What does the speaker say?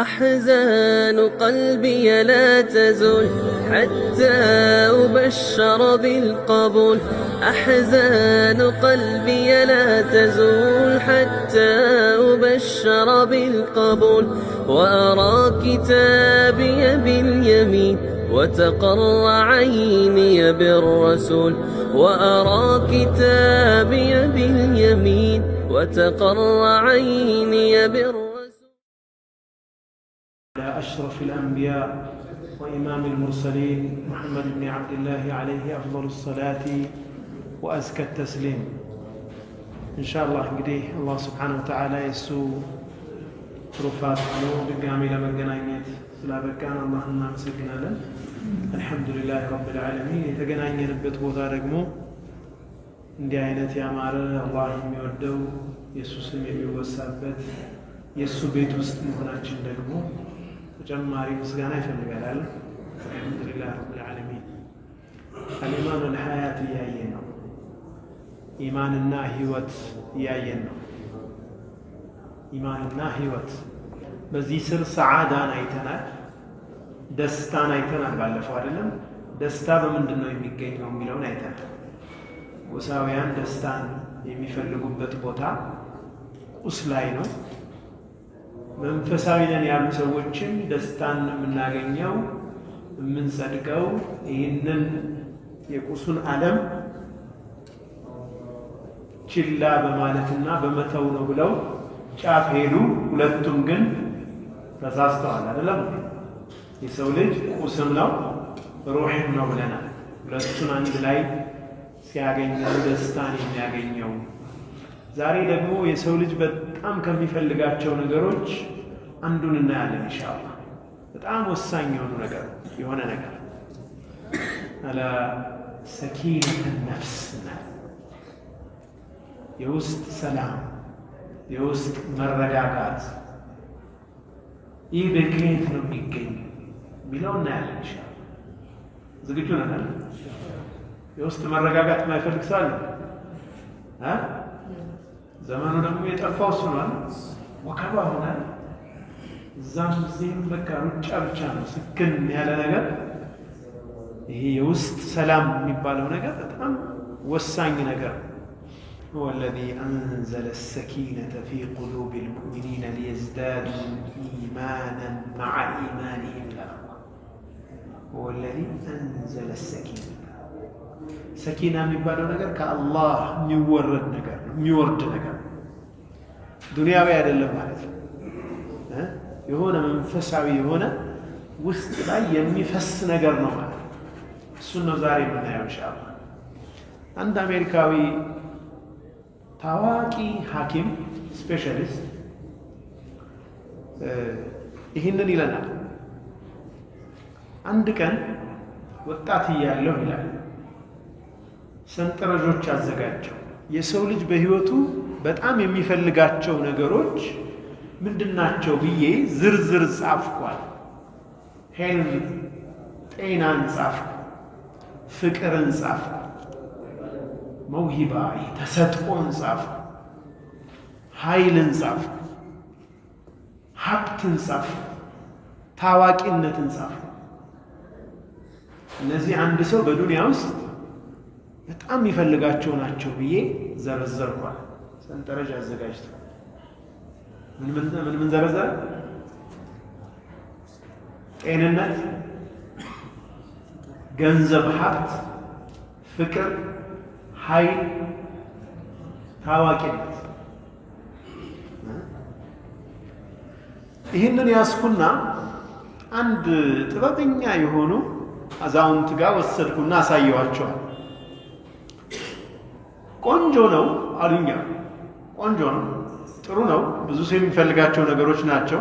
أحزان قلبي لا تزل حتى أبشر بالقبول أحزان قلبي لا تزول حتى أبشر بالقبول وأرى كتابي باليمين وتقر عيني بالرسول وأرى كتابي باليمين وتقر عيني بالرسول أشرف الأنبياء وإمام المرسلين محمد بن عبد الله عليه أفضل الصلاة وأزكى التسليم إن شاء الله እንግዲህ አላህ ስብሓን ወተዓላ የእሱ ትሩፋት ነው ድጋሚ ለመገናኘት ስላበቃን አላህ እናመሰግናለን አልሐምዱሊላህ ረብልዓለሚን የተገናኘንበት ቦታ ደግሞ እንዲህ አይነት ያማረ አላህ የሚወደው የእሱ ስም የሚወሳበት የእሱ ቤት ውስጥ መሆናችን ደግሞ ተጨማሪ ምስጋና ይፈልጋል አለ። አልሐምዱሊላህ ረብል ዓለሚን አልኢማን ወልሐያት እያየን ነው። ኢማንና ህይወት እያየን ነው። ኢማንና ህይወት በዚህ ስር ሰዓዳን አይተናል፣ ደስታን አይተናል። ባለፈው አይደለም ደስታ በምንድን ነው የሚገኘው የሚለውን አይተናል። ቁሳውያን ደስታን የሚፈልጉበት ቦታ ቁስ ላይ ነው። መንፈሳዊ ነን ያሉ ሰዎችን ደስታን የምናገኘው የምንጸድቀው ይህንን የቁሱን ዓለም ችላ በማለትና በመተው ነው ብለው ጫፍ ሄዱ። ሁለቱም ግን ተሳስተዋል። አይደለም የሰው ልጅ ቁስም ነው ሩሕም ነው ብለናል። ሁለቱን አንድ ላይ ሲያገኘው ደስታን የሚያገኘው ዛሬ ደግሞ የሰው ልጅ በጣም ከሚፈልጋቸው ነገሮች አንዱን እናያለን ኢንሻአላህ። በጣም ወሳኝ የሆኑ ነገር የሆነ ነገር አለ ሰኪነት ነፍስ የውስጥ ሰላም፣ የውስጥ መረጋጋት ይህ በከየት ነው የሚገኝ የሚለው እናያለን ኢንሻአላህ። ዝግጁ ነን? የውስጥ መረጋጋት የማይፈልግ ሰው አለ? ዘመኑ ደግሞ የጠፋው ስለሆነ ወከባ ሆነ። እዛም እዚህም በቃ ሩጫ ብቻ ነው። ስክን ያለ ነገር ይሄ የውስጥ ሰላም የሚባለው ነገር በጣም ወሳኝ ነገር هو الذي أنزل السكينة في قلوب المؤمنين ليزدادوا إيمانا مع إيمانهم هو الذي أنزل السكينة ሰኪና የሚባለው ነገር ከአላህ የሚወረድ ነገር ነው፣ የሚወርድ ነገር ነው። ዱንያዊ አይደለም ማለት ነው። የሆነ መንፈሳዊ የሆነ ውስጥ ላይ የሚፈስ ነገር ነው ማለት ነው። እሱን ነው ዛሬ የምናየው ኢንሻአላህ። አንድ አሜሪካዊ ታዋቂ ሐኪም ስፔሻሊስት ይህንን ይለናል። አንድ ቀን ወጣት እያለሁ ይላል ሰንጠረዦች አዘጋጀው። የሰው ልጅ በህይወቱ በጣም የሚፈልጋቸው ነገሮች ምንድናቸው ብዬ ዝርዝር ጻፍኳል። ሄልም ጤናን ጻፍኩ፣ ፍቅርን ጻፍኩ፣ መውሂባ ተሰጥቆን ጻፍኩ፣ ኃይልን ጻፍኩ፣ ሀብትን ጻፍኩ፣ ታዋቂነትን ጻፍኩ። እነዚህ አንድ ሰው በዱንያ ውስጥ በጣም የሚፈልጋቸው ናቸው ብዬ ዘረዘርኳል። ሰንጠረዥ አዘጋጅተ ምን ምን ዘረዘረ? ጤንነት፣ ገንዘብ፣ ሀብት፣ ፍቅር፣ ኃይል፣ ታዋቂነት። ይህንን ያስኩና አንድ ጥበበኛ የሆኑ አዛውንት ጋር ወሰድኩና አሳየዋቸዋል። ቆንጆ ነው አሉኛ። ቆንጆ ነው፣ ጥሩ ነው። ብዙ ሰው የሚፈልጋቸው ነገሮች ናቸው።